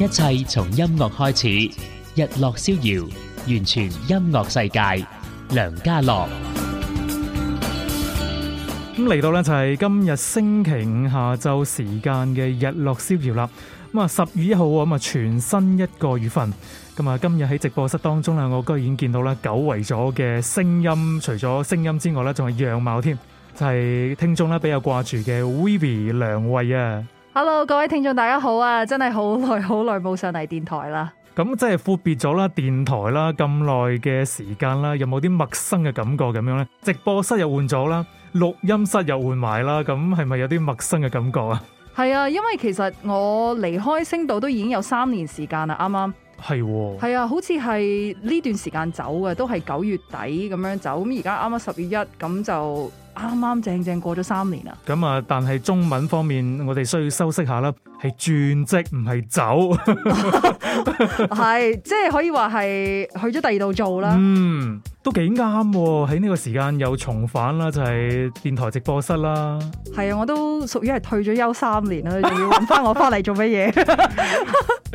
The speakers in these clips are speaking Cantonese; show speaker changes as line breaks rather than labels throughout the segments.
一切從音樂開始，日落逍遙，完全音樂世界，梁嘉樂。咁嚟到咧，就係今日星期五下晝時間嘅日落逍遙啦。咁啊十月一號啊，咁啊全新一個月份。咁啊今日喺直播室當中咧，我居然見到咧久違咗嘅聲音，除咗聲音之外咧，仲係樣貌添，就係聽眾咧比較掛住嘅 Vivi 兩位啊。
Hello，各位聽眾，大家好啊！真係好耐好耐冇上嚟電台啦。
咁即係闊別咗啦，電台啦，咁耐嘅時間啦，有冇啲陌生嘅感覺咁樣咧？直播室又換咗啦，錄音室又換埋啦，咁係咪有啲陌生嘅感覺啊？
係啊，因為其實我離開星島都已經有三年時間啦，啱啱，
係喎，係
啊，好似係呢段時間走嘅，都係九月底咁樣走，咁而家啱啱十月一，咁就，啱啱正正過咗三年啦，
咁啊、嗯，但係中文方面我哋需要修飾下啦，係轉職唔係走，
係 即係可以話係去咗第二度做啦，
嗯，都幾啱喎，喺呢個時間又重返啦，就係、是、電台直播室啦，
係啊， 我都屬於係退咗休三年啦，仲要揾翻我翻嚟做乜嘢？誒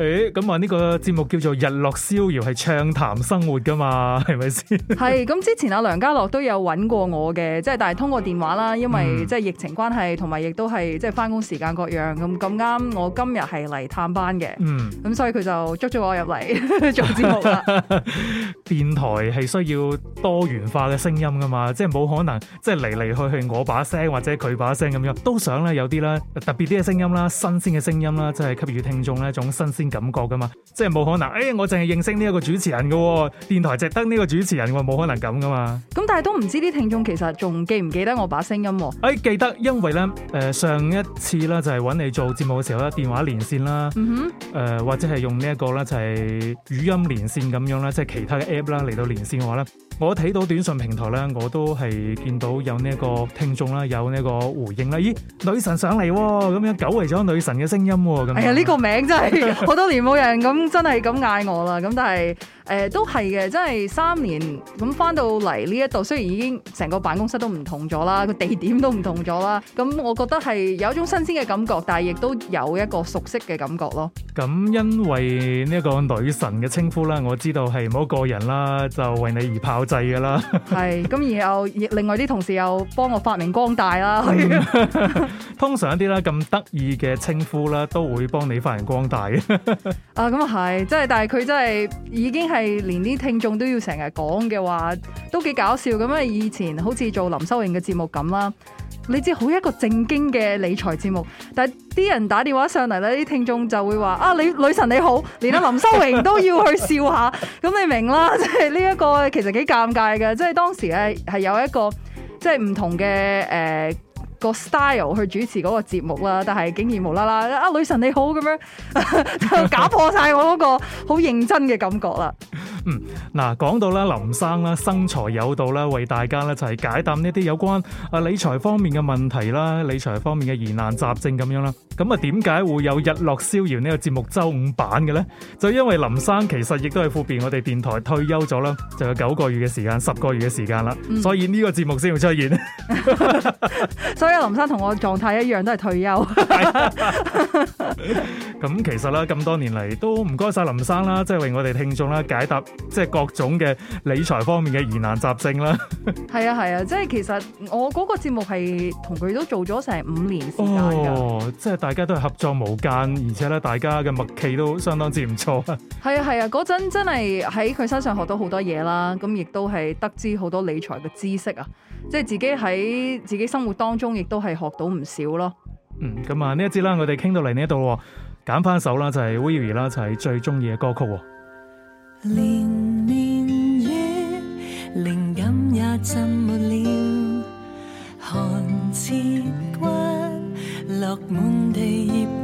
欸，咁啊，呢個節目叫做《日樂逍遙》，係暢談生活噶嘛，係咪先？
係 咁，之前阿梁家樂都有揾過我嘅，即係但係通。個電話啦，因為即係疫情關係，同埋亦都係即係返工時間各樣咁，咁啱，我今日係嚟探班嘅。嗯，咁所以佢就捉咗我入嚟做節目啦。
電台係需要多元化嘅聲音噶嘛，即係冇可能即係嚟嚟去去我把聲或者佢把聲咁樣，都想咧有啲啦特別啲嘅聲音啦、新鮮嘅聲音啦，即係給予聽眾一種新鮮感覺噶嘛。即係冇可能，誒、哎，我淨係認識呢一個主持人噶、哦，電台只得呢個主持人，我冇可能咁噶嘛。
咁但係都唔知啲聽眾其實仲記唔記記得我把聲音喎，
哎，記得，因為咧，誒，呃，上一次咧就係揾你做節目嘅時候咧，電話連線啦，嗯
哼，
誒，呃，或者係用呢一個咧就係語音連線咁樣啦，即係其他嘅 app 啦嚟到連線嘅話咧。我睇到短信平台咧，我都係見到有呢一個聽眾啦，有呢個回應啦。咦，女神上嚟咁、哦、樣，久違咗女神嘅聲音。係啊、哎呀，呢樣個名真係好 多
年冇人咁、呃，真係咁嗌我啦。咁但係誒都係嘅，真係三年咁返到嚟呢一度，雖然已經成個辦公室都唔同咗啦，個地點都唔同咗啦。咁我覺得係有一種新鮮嘅感覺，但係亦都有一個熟悉嘅感覺咯。
咁因為呢一個女神嘅稱呼啦，我知道係某一個人啦，就為你而跑。製噶啦，
係咁， 然後另外啲同事又幫我發揚光大啦
通常一啲咧咁得意嘅稱呼咧，都會幫你發揚光大
嘅。 啊，咁啊係，即係，但係佢真係已經係連啲聽眾都要成日講嘅話，都幾搞笑咁啊！以前好似做林修瑩嘅節目咁啦。你知好一個正經嘅理財節目，但係啲人打電話上嚟咧，啲聽眾就會話：啊，你女神你好，連阿林修榮都要去笑下，咁 你明啦？即係呢一個其實幾尷尬嘅，即係當時咧係有一個即係唔同嘅誒。呃個 style 去主持嗰個節目啦，但係竟然無啦啦啊女神你好咁樣，搞 破晒我嗰、那個好 認真嘅感覺啦。嗯，
嗱、啊，講到啦林生啦，生財有道啦，為大家咧就係解答呢啲有關啊理財方面嘅問題啦，理財方面嘅疑難雜症咁樣啦。咁啊，點解會有日落逍遙呢、這個節目周五版嘅咧？就因為林生其實亦都係闊別我哋電台退休咗啦，就有九個月嘅時間，十個月嘅時間啦，嗯、所以呢個節目先會出現。
所以。即係林生同我狀態一樣，都係退休。
咁 其實咧，咁多年嚟都唔該晒林生啦，即係為我哋聽眾啦解答即係各種嘅理財方面嘅疑難雜症啦。
係 啊係啊，即係其實我嗰個節目係同佢都做咗成五年時間
㗎、哦，即係大家都係合作無間，而且咧大家嘅默契都相當之唔錯。
係啊係啊，嗰陣、啊、真係喺佢身上學到好多嘢啦，咁亦都係得知好多理財嘅知識啊。即係自己喺自己生活當中，亦都係學到唔少咯。
嗯，咁啊呢一節啦，我哋傾到嚟呢一度，揀翻首啦，就係 VIVI 啦，就係最中意嘅
歌曲。靈感也浸沒了。寒落滿地葉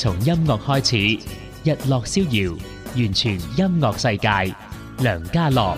從音樂開始，日落逍遙，完全音樂世界。梁嘉樂，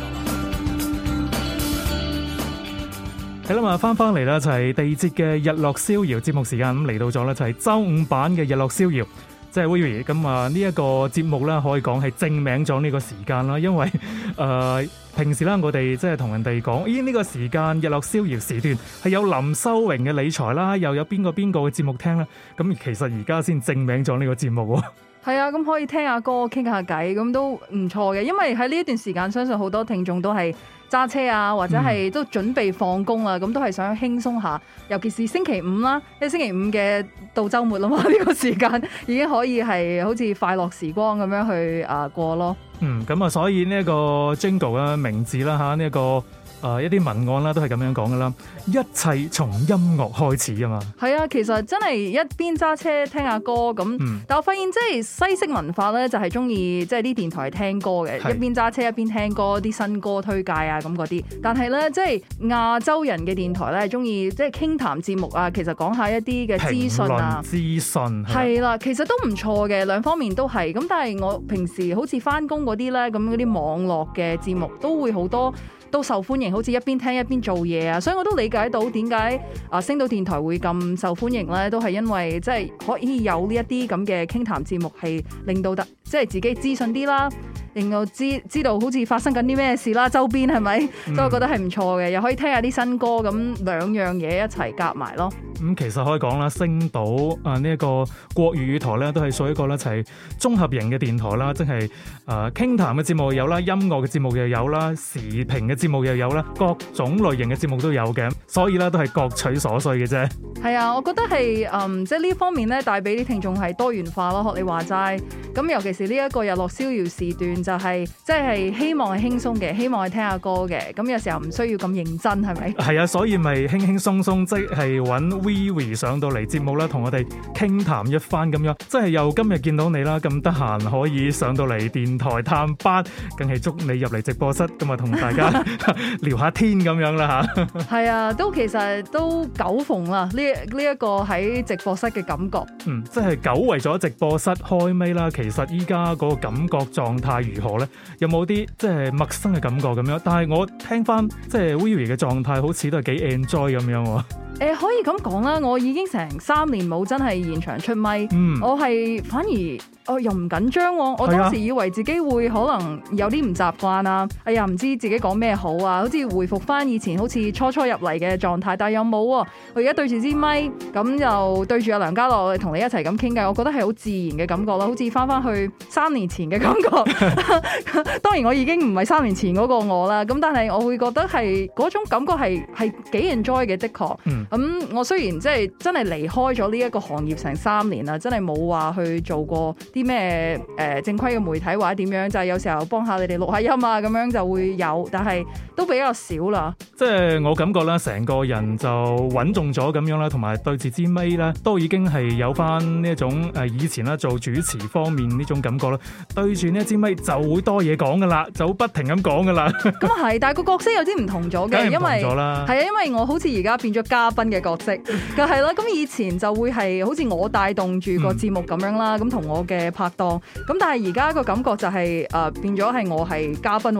睇啦嘛，翻翻嚟啦，就係第二節嘅日落逍遙節目時間，咁嚟到咗咧，就係周五版嘅日落逍遙。即係 Vivi，咁啊呢一個節目咧，可以講係正名咗呢個時間啦，因為誒、呃、平時咧我哋即係同人哋講，咦、欸、呢、這個時間日落逍遙時段係有林修榮嘅理財啦，又有邊個邊個嘅節目聽啦。咁其實而家先正名咗呢個節目喎。
係啊，咁可以聽下歌，傾下偈，咁都唔錯嘅。因為喺呢一段時間，相信好多聽眾都係揸車啊，或者係都準備放工啦，咁、嗯、都係想輕鬆下。尤其是星期五啦，因為星期五嘅到周末啦嘛，呢、這個時間已經可以係好似快樂時光咁樣去啊過咯。
嗯，咁啊，所以呢一個 Jingle 嘅名字啦，吓，呢、這、一個。啊、呃！一啲文案啦，都係咁樣講噶啦。一切從音樂開始啊嘛。
係啊，其實真係一邊揸車聽下歌咁。嗯、但我發現即係西式文化呢，就係中意即係啲電台聽歌嘅。是一邊揸車一邊聽歌，啲新歌推介啊咁嗰啲。但係呢，即係亞洲人嘅電台呢，係中意即係傾談節目啊。其實講下一啲嘅資訊啊，
資訊係
啦、啊，其實都唔錯嘅，兩方面都係。咁但係我平時好似翻工嗰啲呢，咁嗰啲網絡嘅節目都會好多。都受歡迎，好似一邊聽一邊做嘢啊！所以我都理解到點解啊星島電台會咁受歡迎呢，都係因為即係、就是、可以有呢一啲咁嘅傾談節目，係令到得即係自己資訊啲啦。令我知知道好似發生緊啲咩事啦，周邊係咪？是是嗯、都係覺得係唔錯嘅，又可以聽下啲新歌，咁兩樣嘢一齊夾埋咯。咁、
嗯、其實可以講啦，星島啊呢一個國語，語台咧，都係屬於一個咧，就係、是、綜合型嘅電台啦，即係誒，傾談嘅節目又有啦，音樂嘅節目又有啦，時評嘅節目又有啦，各種類型嘅節目都有嘅，所以啦，都係各取所需嘅啫。
係啊，我覺得係嗯，即係呢方面咧，帶俾啲聽眾係多元化咯。學你話齋，咁尤其是呢一個日落逍遙時段。就係即係希望係輕鬆嘅，希望係聽下歌嘅。咁有時候唔需要咁認真，係咪？係
啊，所以咪輕輕鬆鬆，即係揾 VIVI 上到嚟節目啦，同我哋傾談一番咁樣。即係又今日見到你啦，咁得閒可以上到嚟電台探班。梗係祝你入嚟直播室咁啊，同大家 聊下天咁樣啦吓。
係 啊、 嗯，都其實都久逢啦，呢、呢一個喺直播室嘅感覺。嗯，
即係久違咗直播室開咪啦。其實依家嗰個感覺狀態。如何咧？有冇啲即係陌生嘅感覺咁樣？但係我聽翻即係 VIVI 嘅狀態，好似都係幾 enjoy 咁樣。誒、
呃，可以咁講啦，我已經成三年冇真係現場出咪。嗯、我係反而我、哦、又唔緊張。我當時以為自己會可能有啲唔習慣啊，哎呀，唔知自己講咩好啊，好似回复翻以前好似初初入嚟嘅狀態。但係又冇、啊，我而家對住支咪咁又對住阿梁嘉樂，同你一齊咁傾偈，我覺得係好自然嘅感覺啦、啊，好似翻翻去三年前嘅感覺。 當然我已經唔係三年前嗰個我啦，咁但係我會覺得係嗰種感覺係係幾 enjoy 嘅，的確。咁、嗯嗯、我雖然即係真係離開咗呢一個行業成三年啦，真係冇話去做過啲咩誒正規嘅媒體或者點樣，就係、是、有時候幫下你哋錄下音啊，咁樣就會有，但係都比較少啦。
即係我感覺咧，成個人就穩重咗咁樣啦，同埋對住支咪咧，都已經係有翻呢一種誒以前咧做主持方面呢種感覺啦，對住呢一支咪，咪。就會多嘢講噶啦，就不停咁講噶啦。咁
係，但係個角色有啲唔同咗嘅，因為係啊，因為我好似而家變咗嘉賓嘅角色， 就係啦。咁以前就會係好似我帶動住個節目咁樣啦，咁同、嗯、我嘅拍檔。咁但係而家個感覺就係、是、誒、呃，變咗係我係嘉賓。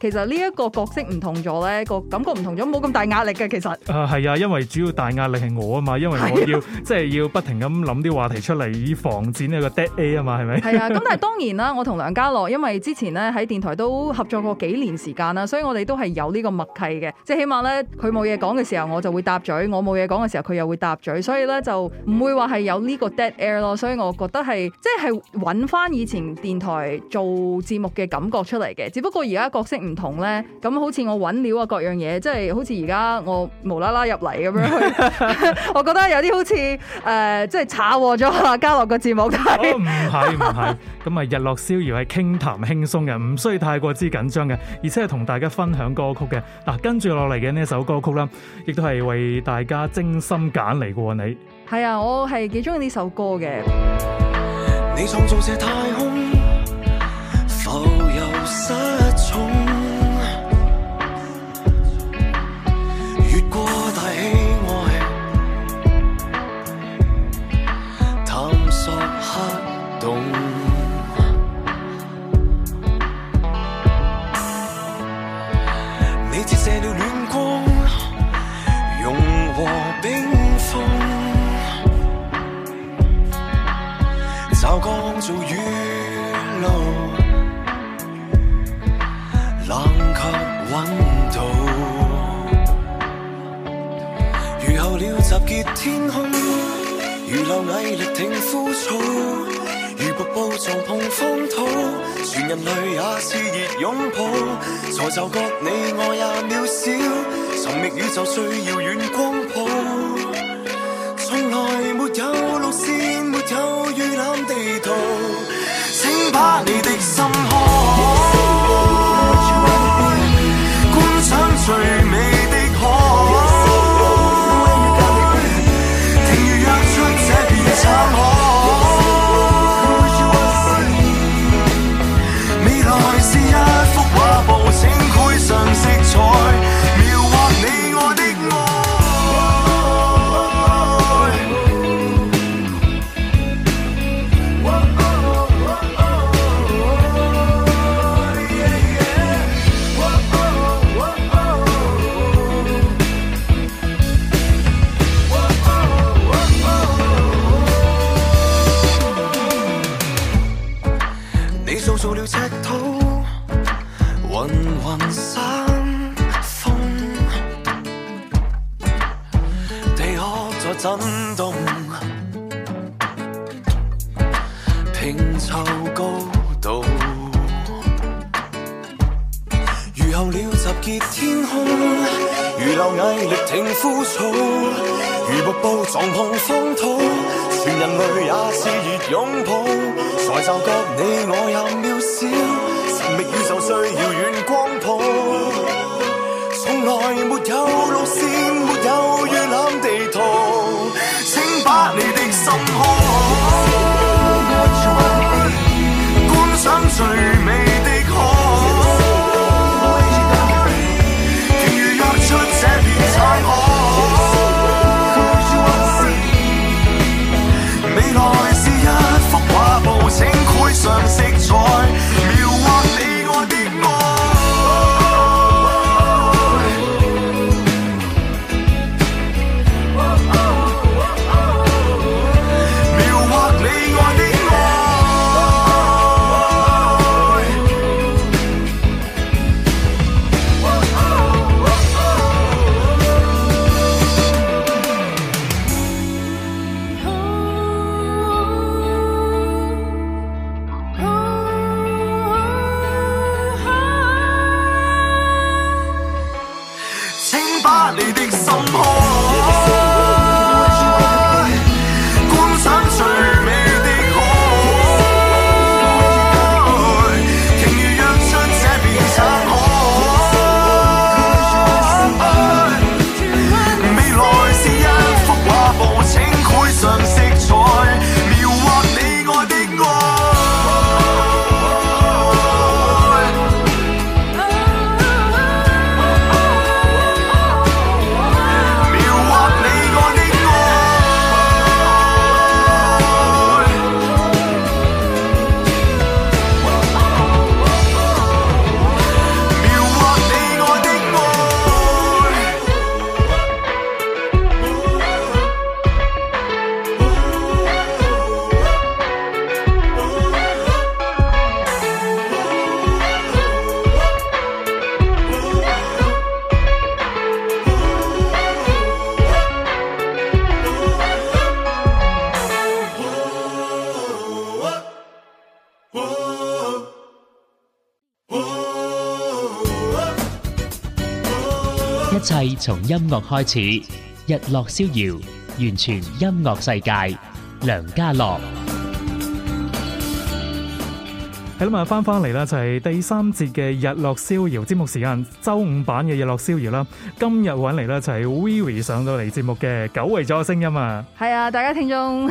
其實呢一個角色唔同咗咧，個感覺唔同咗，冇咁大壓力嘅其實。誒係
啊，啊，因為主要大壓力係我啊嘛，因為我要是、啊、即係要不停咁諗啲話題出嚟，以防展呢個 dead air 啊嘛，係咪？係啊，咁
但係當然啦，我同梁嘉樂因為之前咧喺電台都合作過幾年時間啦，所以我哋都係有呢個默契嘅，即係起碼咧佢冇嘢講嘅時候我就會答嘴，我冇嘢講嘅時候佢又會答嘴，所以咧就唔會話係有呢個 dead air 咯。所以我覺得係即係揾翻以前電台做節目嘅感覺出嚟嘅，只不過而家角色唔同咧，咁好似我揾料啊，各樣嘢，即係好似而家我無啦啦入嚟咁樣， 我覺得有啲好似誒，uh, 即係炒和咗啊！嘉樂個節目，唔
係唔係，咁啊日落逍遙係傾談輕鬆嘅，唔需要太過之緊張嘅，而且係同大家分享歌曲嘅嗱，跟住落嚟嘅呢一首歌曲啦，亦都係為大家精心揀嚟過，你
係啊，我係幾中意呢首歌嘅。你創造這太空。
天空如螻蟻力挺枯草，如瀑布撞碰荒土，全人類也熾熱擁抱，才就覺你我也渺小，尋覓宇宙最遙遠光譜，從來沒有路線，沒有預覽地圖，請把你的心。
從音樂開始，日落逍遙，完全音樂世界，梁嘉樂。係啦，咁啊，翻翻嚟啦，就係、是、第三節嘅日落逍遙節目時間，周五版嘅日落逍遙啦。今日揾嚟咧就係 Vivi，上到嚟節目嘅久違咗嘅聲音啊！
係啊，大家聽眾，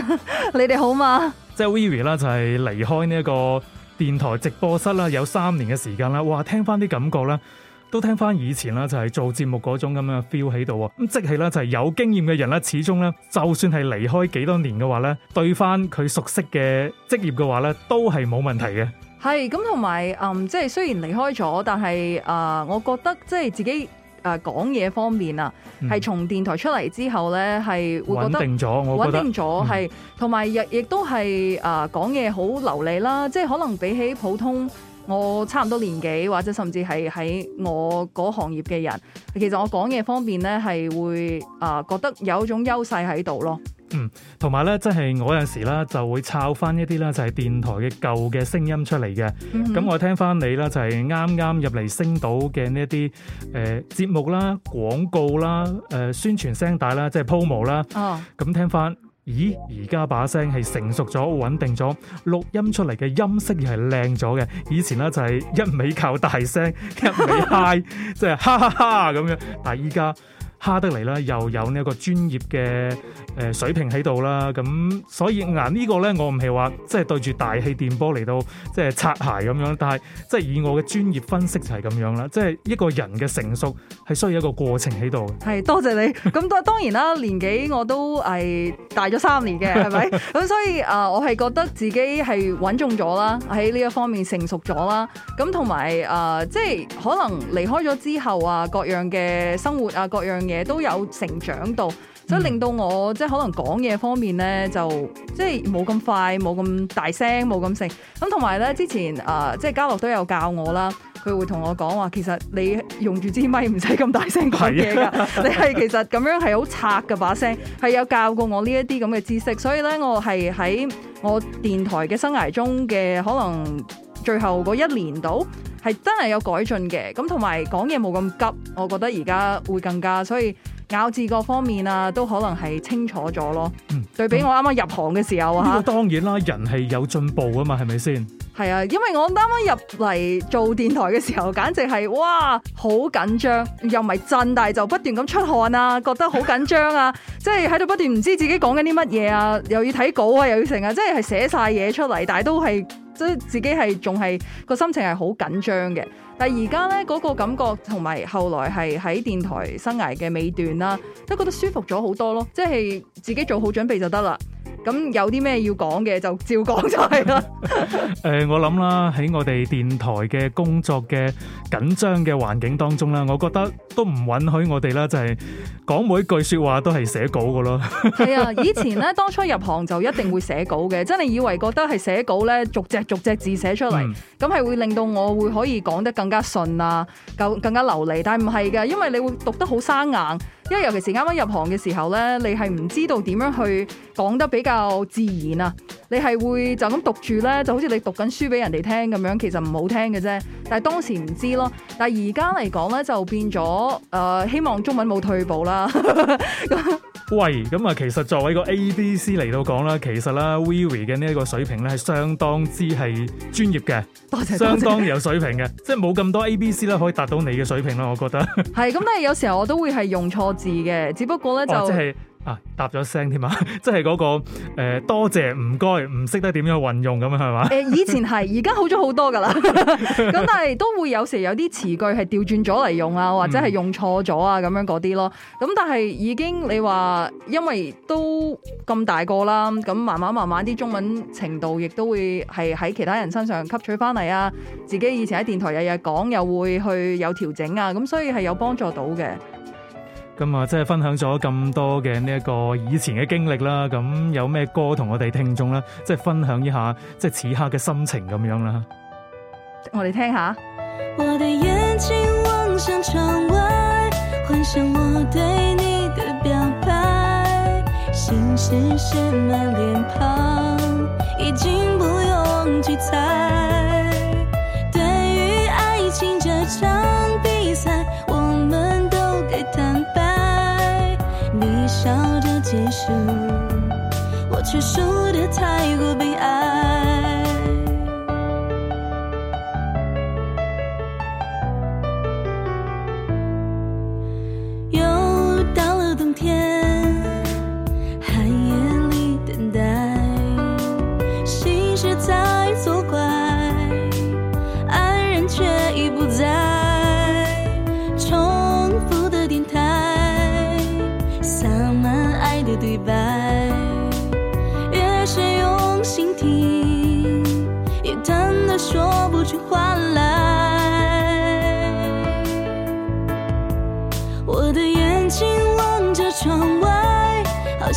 你哋好嘛？
即係 Vivi 啦，就係離開呢一個電台直播室啦，有三年嘅時間啦。哇，聽翻啲感覺啦～都聽翻以前啦，就係、是、做節目嗰種咁嘅 feel 喺度喎。咁即係啦，就係、是、有經驗嘅人咧，始終咧，就算係離開幾多年嘅話咧，對翻佢熟悉嘅職業嘅話咧，都係冇問題嘅。
係咁同埋，嗯，即係雖然離開咗，但係，誒、呃，我覺得即係、呃、自己誒講嘢方面啊，係從電台出嚟之後咧，係會穩定咗。穩定咗係，同埋亦亦都係誒講嘢好流利啦。即係可能比起普通。我差唔多年紀，或者甚至係喺我嗰行業嘅人，其實我講嘢方面咧係會啊覺得有一種優勢喺度咯。嗯，
同埋咧，即係我有時啦就會抄翻一啲咧就係電台嘅舊嘅聲音出嚟嘅。咁、嗯嗯、我聽翻你啦，就係啱啱入嚟星島嘅呢一啲誒節目啦、廣告啦、誒、呃、宣傳聲帶啦，即係 promo 啦。哦、嗯，咁聽翻。咦，而家把聲係成熟咗、穩定咗，錄音出嚟嘅音色又係靚咗嘅。以前咧就係一味靠大聲、一味嗨，即係哈哈哈咁樣。但係依家。哈德尼啦，又有呢一個專業嘅誒水平喺度啦，咁所以嗱呢個咧，我唔係話即係對住大氣電波嚟到即係擦鞋咁樣，但係即係以我嘅專業分析就係咁樣啦，即係一個人嘅成熟係需要一個過程喺度。
係，多謝你，咁當然啦， 年紀我都係大咗三年嘅，係咪？咁 所以啊、呃，我係覺得自己係穩重咗啦，喺呢一方面成熟咗啦，咁同埋啊，即係可能離開咗之後啊，各樣嘅生活啊，各樣。嘢都有成長到，所以令到我即係可能講嘢方面咧，就即係冇咁快，冇咁大聲，冇咁盛。咁同埋咧，之前誒、呃、即係家樂都有教我啦，佢會同我講話，其實你用住支咪唔使咁大聲講嘢噶，的你係其實咁樣係好拆嘅把聲，係 有教過我呢一啲咁嘅知識，所以咧，我係喺我電台嘅生涯中嘅可能。最後嗰一年度係真係有改進嘅，咁同埋講嘢冇咁急，我覺得而家會更加，所以咬字各方面啊，都可能係清楚咗咯。嗯、對比我啱啱入行嘅時候啊，嗯這個、
當然啦，人係有進步啊嘛，係咪先？
係啊，因為我啱啱入嚟做電台嘅時候，簡直係哇，好緊張，又唔係震大，就不斷咁出汗啊，覺得好緊張啊， 即係喺度不斷唔知自己講緊啲乜嘢啊，又要睇稿啊，又要成啊，即係寫晒嘢出嚟，但係都係。即係自己係仲係個心情係好緊張嘅，但係而家呢嗰個感覺同埋後來係喺電台生涯嘅尾段啦，都覺得舒服咗好多咯，即係自己做好準備就得啦。咁有啲咩要講嘅就照講就係 、
呃、啦。誒，我諗啦，喺我哋電台嘅工作嘅緊張嘅環境當中啦，我覺得都唔允許我哋啦，就係、是、講每一句說話都係寫稿嘅咯。
係啊，以前咧當初入行就一定會寫稿嘅， 真係以為覺得係寫稿咧逐隻逐隻字寫出嚟。嗯咁係會令到我會可以講得更加順啊，更加流利。但係唔係嘅，因為你會讀得好生硬。因為尤其是啱啱入行嘅時候呢，你係唔知道點樣去講得比較自然啊。你係會就咁讀住呢，就好似你讀緊書俾人哋聽咁樣，其實唔好聽嘅啫。但係當時唔知咯。但係而家嚟講呢，就變咗，誒、呃，希望中文冇退步啦。
喂，咁、嗯、啊，其實作為一個 A B C 嚟到講啦，其實啦 VIVI 嘅呢一個水平咧，係相當之係專業嘅，謝謝相當有水平嘅，即係冇咁多 A B C 啦，可以達到你嘅水平啦，我覺得。
係，咁但係有時候我都會係用錯字嘅， 只不過咧就是。
啊，答咗聲添啊，即係嗰、那個誒、呃，多謝唔該，唔識得點樣運用咁樣係嘛？誒，以
前係，而家好咗好多噶啦。咁 但係都會有時有啲詞句係調轉咗嚟用啊，或者係用錯咗啊，咁樣嗰啲咯。咁但係已經你話，因為都咁大個啦，咁慢慢慢慢啲中文程度亦都會係喺其他人身上吸取翻嚟啊。自己以前喺電台日日講又會去有調整啊，咁所以係有幫助到嘅。
咁啊，即係分享咗咁多嘅呢一個以前嘅經歷啦，咁有咩歌同我哋聽眾咧，即係分享一下，即係此刻嘅心情咁樣啦，
我哋聽下。我的眼睛
望向窗外，幻想我對你的表白。心事寫滿臉龐，已經不用記載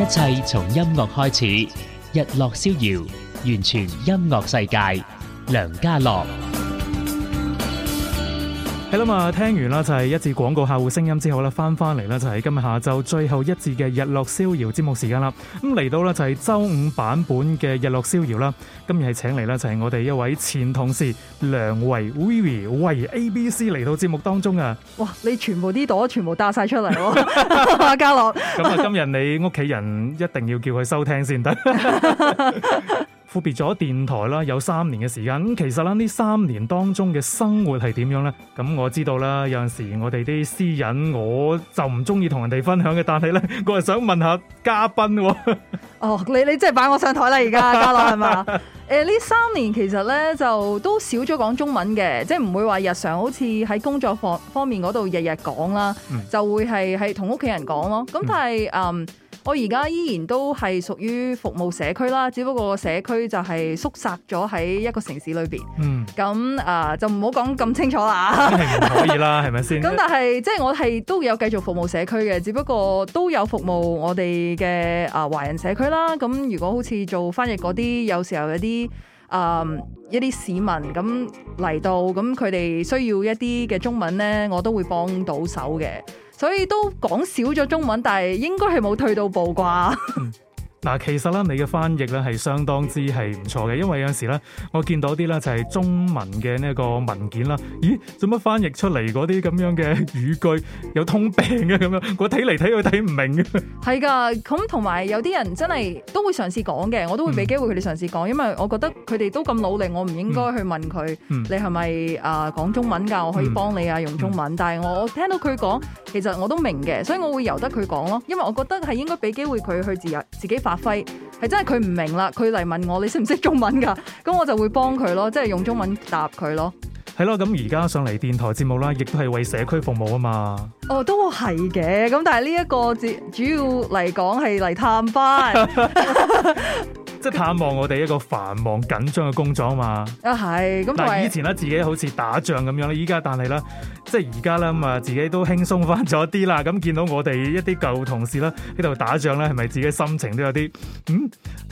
一切從音樂開始，日樂逍遙，完全音樂世界，梁嘉樂。係啦嘛，聽完啦就係、是、一節廣告客戶聲音之後啦，翻翻嚟啦就係、是、今日下晝最後一節嘅日落逍遙節目時間啦。咁、嗯、嚟到啦就係、是、周五版本嘅日落逍遙啦。今日係請嚟啦就係、是、我哋一位前同事梁維 Vivi 維 A B C 嚟到節目當中啊。
哇，你全部啲朵全部打晒出嚟，阿嘉樂。咁啊，
今日你屋企人一定要叫佢收聽先得。 闊別咗電台啦，有三年嘅時間，咁其實咧呢三年當中嘅生活係點樣咧？咁我知道啦，有陣時我哋啲私隱我就唔中意同人哋分享嘅，但係咧，我係想問下嘉賓。 哦，
你你真係擺我上台啦，而家嘉樂係嘛？誒， 呢、呃、三年其實咧就都少咗講中文嘅，即係唔會話日常好似喺工作方方面嗰度日日講啦，嗯、就會係係同屋企人講咯。咁但係嗯。嗯我而家依然都係屬於服務社區啦，只不過社區就係縮窄咗喺一個城市裏邊。嗯，咁啊、嗯，就唔好講咁清楚啦。
可以啦，係咪先？咁但係
即係我係都有繼續服務社區嘅，只不過都有服務我哋嘅啊華人社區啦。咁、嗯、如果好似做翻譯嗰啲，有時候有啲啊、呃、一啲市民咁嚟到，咁佢哋需要一啲嘅中文呢，我都會幫到手嘅。所以都講少咗中文，但係應該係冇退到步啩。
嗱，其實咧，你嘅翻譯咧係相當之係唔錯嘅，因為有陣時咧，我見到啲咧就係中文嘅呢一個文件啦，咦，做乜翻譯出嚟嗰啲咁樣嘅語句有通病嘅咁樣，我睇嚟睇去睇唔明嘅。
係噶，咁同埋有啲人真係都會嘗試講嘅，我都會俾機會佢哋嘗試講，嗯、因為我覺得佢哋都咁努力，我唔應該去問佢，嗯、你係咪啊講中文㗎？我可以幫你啊、嗯、用中文，嗯嗯、但係我聽到佢講，其實我都明嘅，所以我會由得佢講咯，因為我覺得係應該俾機會佢去自自己發。係真係佢唔明啦，佢嚟問我，你識唔識中文噶？咁 我就會幫佢咯，即係用中文答佢咯。
係咯，咁而家上嚟電台節目啦，亦都係為社區服務啊嘛。
哦，都係嘅，咁但係呢一個節主要嚟講係嚟探班，
即係探望我哋一個繁忙緊張嘅工作啊嘛。
啊係，咁。嗱、就是，以
前咧，自己好似打仗咁樣咧，依家但係咧，即係而家咧咁啊，自己都輕鬆翻咗啲啦。咁見到我哋一啲舊同事啦喺度打仗咧，係咪自己心情都有啲嗯？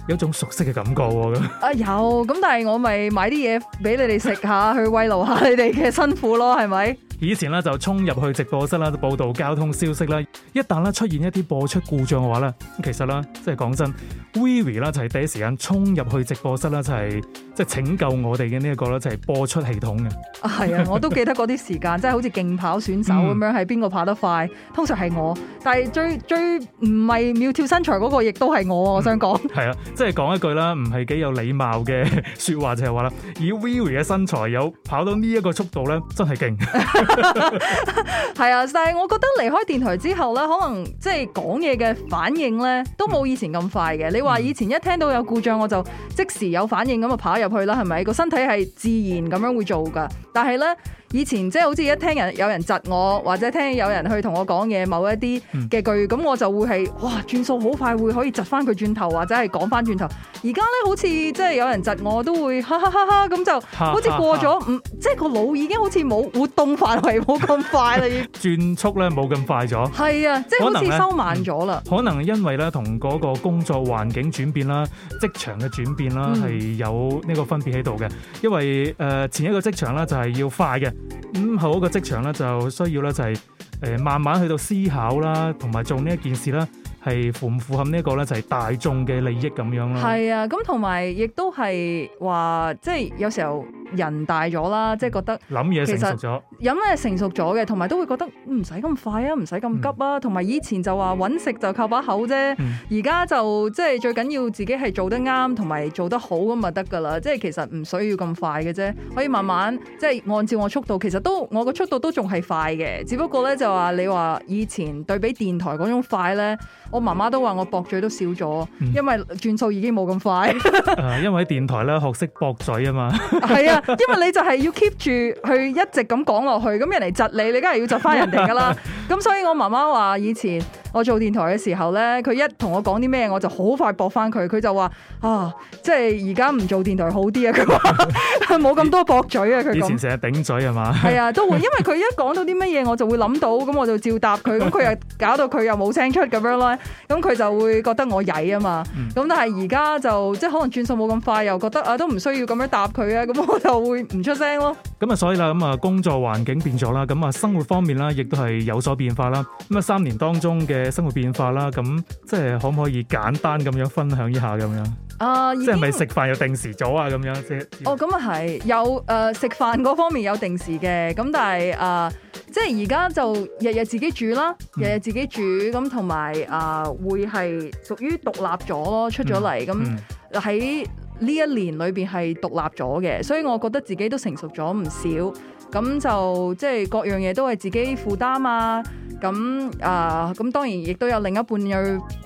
有種熟悉嘅感覺咁、嗯
啊、有咁，但係我咪買啲嘢俾你哋食下 去慰勞下你哋嘅辛苦咯，係咪？
以前咧就衝入去直播室啦，報道交通消息啦。一旦咧出現一啲播出故障嘅話咧，咁其實咧即係講真 Vivi 啦就係第一時間衝入去直播室啦、就是，就係即係拯救我哋嘅呢一個啦，就係播出系統嘅。
係 啊，啊，我都記得嗰啲時間，即、就、係、是、好似競跑選手咁樣，係邊個跑得快？通常係我，但係最最唔係苗條身材嗰個，亦都係我我想講，
係、嗯、啊，即係講一句啦，唔係幾有禮貌嘅說話，就係話啦，以 Vivi 嘅身材有跑到呢一個速度咧，真係勁。
係 啊，但係我覺得離開電台之後咧，可能即係講嘢嘅反應咧，都冇以前咁快嘅。嗯、你話以前一聽到有故障，我就即時有反應咁啊，跑入去啦，係咪？個身體係自然咁樣會做噶。但係咧。以前即係好似一聽人有人窒我，或者聽有人去同我講嘢某一啲嘅句，咁、嗯、我就會係哇，轉數好快，會可以窒翻佢轉頭，或者係講翻轉頭。而家咧好似即係有人窒我都會哈哈哈哈，咁、啊啊啊嗯、就，好似過咗唔即係個腦已經好似冇活動範圍冇咁快啦，
轉 速咧冇咁快咗。係啊，即、就、係、是、好似收慢咗啦。可能因為咧同嗰個工作環境轉變啦，職場嘅轉變啦，係有呢個分別喺度嘅。因為誒、呃、前一個職場咧就係要快嘅。咁、嗯、好一個職場咧，就需要咧就係、是、誒、呃，慢慢去到思考啦，同埋做呢一件事啦。係符唔符合呢一個咧就係、是、大眾嘅利益咁樣咯。係
啊，咁同埋亦都係話，即、就、係、是、有時候。人大咗啦，即係覺得諗嘢成熟咗，人係成熟咗嘅，同埋都會覺得唔使咁快啊，唔使咁急啊。同埋、嗯、以前就話搵、嗯、食就靠把口啫、嗯，而家就即係最緊要自己係做得啱，同埋做得好咁咪得噶啦。即係其實唔需要咁快嘅啫，可以慢慢即係按照我速度，其實都我個速度都仲係快嘅，只不過咧就話你話以前對比電台嗰種快咧，我媽媽都話我駁嘴都少咗，嗯、因為轉數已經冇咁快。嗯、
因為喺電台咧學識駁嘴啊嘛，
係 啊。 因為你就係要 keep 住去一直咁講落去，咁人嚟窒你，你梗係要窒翻人哋噶啦。咁 所以我媽媽話以前我做電台嘅時候咧，佢一同我講啲咩，我就好快駁翻佢。佢就話。啊，即係而家唔做電台好啲啊！佢話冇咁多駁嘴啊！佢以前
成日頂嘴係嘛？係 啊，都會，因
為佢一講到啲乜嘢，我就會諗到，咁 我就照答佢，咁佢又搞到佢又冇聲出咁樣咯，咁佢就會覺得我曳啊嘛。咁、嗯、但係而家就即係可能轉數冇咁快，又覺得啊，都唔需要咁樣答佢啊，咁我就會唔出聲咯。
咁啊，所以啦，咁啊，工作環境變咗啦，咁啊，生活方面啦，亦都係有所變化啦。咁啊，三年當中嘅生活變化啦，咁即係可唔可以簡單咁樣分享一下咁樣？
啊、uh,！即係咪
食飯又定時咗啊？咁樣先
哦，咁啊係，有誒食飯嗰方面有定時嘅，咁但係誒，uh, 即係而家就日日自己煮啦，日日、嗯、自己煮，咁同埋誒會係屬於獨立咗咯，出咗嚟咁喺呢一年裏邊係獨立咗嘅，所以我覺得自己都成熟咗唔少。咁就即係各樣嘢都係自己負擔啊！咁啊，咁當然亦都有另一半要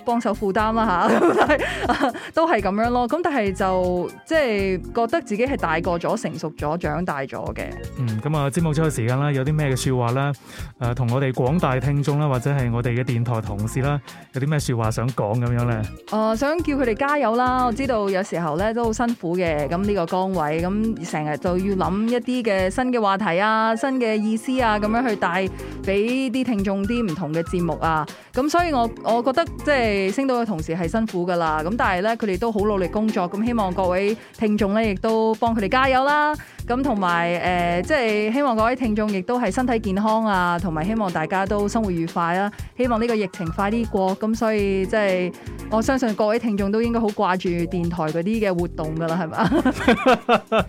幫手負擔啦，吓， 都係咁樣咯。咁但係就即係覺得自己係大個咗，成熟咗，長大咗嘅。
嗯，咁啊，節目最後時間啦，有啲咩嘅說話咧？誒、呃，同我哋廣大聽眾啦，或者係我哋嘅電台同事啦，有啲咩說話想講咁樣咧？
誒、呃、想叫佢哋加油啦！我知道有時候咧都好辛苦嘅，咁呢個崗位，咁成日就要諗一啲嘅新嘅話題。係啊，新嘅意思啊，咁樣去帶俾啲聽眾啲唔同嘅節目啊，咁所以我我覺得即係星島嘅同事係辛苦噶啦，咁但係咧佢哋都好努力工作，咁希望各位聽眾咧亦都幫佢哋加油啦。咁同埋誒，即係希望各位聽眾亦都係身體健康啊，同埋希望大家都生活愉快啦，啊。希望呢個疫情快啲過。咁、嗯、所以即係我相信各位聽眾都應該好掛住電台嗰啲嘅活動噶啦，係咪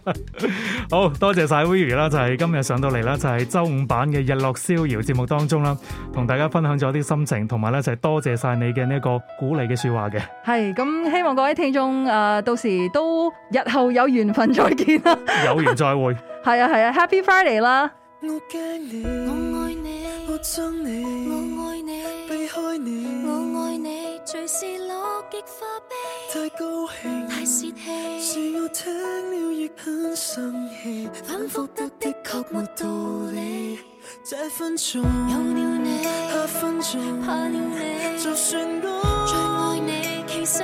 好多謝曬會 e 啦，就係今日上到嚟啦，就係周五版嘅日落逍遙節目當中啦，同大家分享咗啲心情，同埋咧就係多謝晒你嘅呢一個鼓勵嘅說話嘅。
係咁、 嗯，希望各位聽眾誒、呃、到時都日後有緣分再見
啦。有 緣。 再會，
係啊，係啊 Happy Friday 啦。我驚
你，我愛你，我憎你，我愛你，避開你，我愛你。隨時樂極花悲，太高興太洩氣，使我聽了亦很生氣，反覆的的確沒道理，這分鐘有了你，下分鐘怕了你，就算多最愛你，其實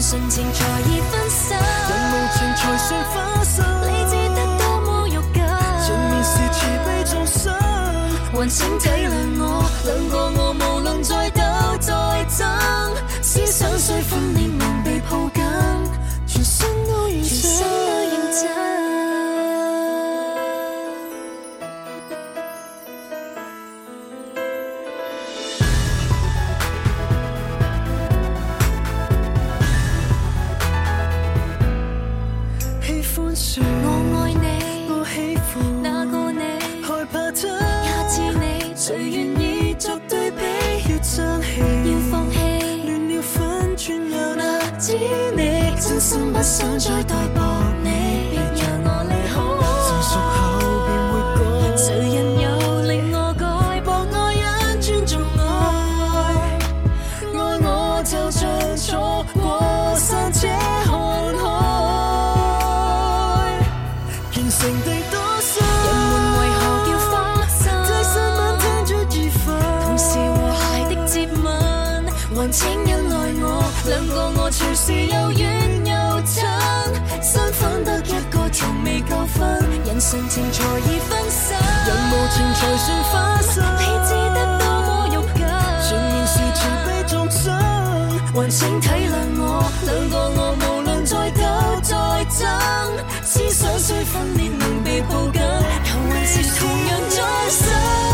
純情才易分手，人無情才算花心，理智得多麼慾罷。見面時慈悲眾生，還請體諒我兩個還請體諒我，兩個我無論再鬥再爭，思想雖分裂能被抱緊，求還是同樣終生。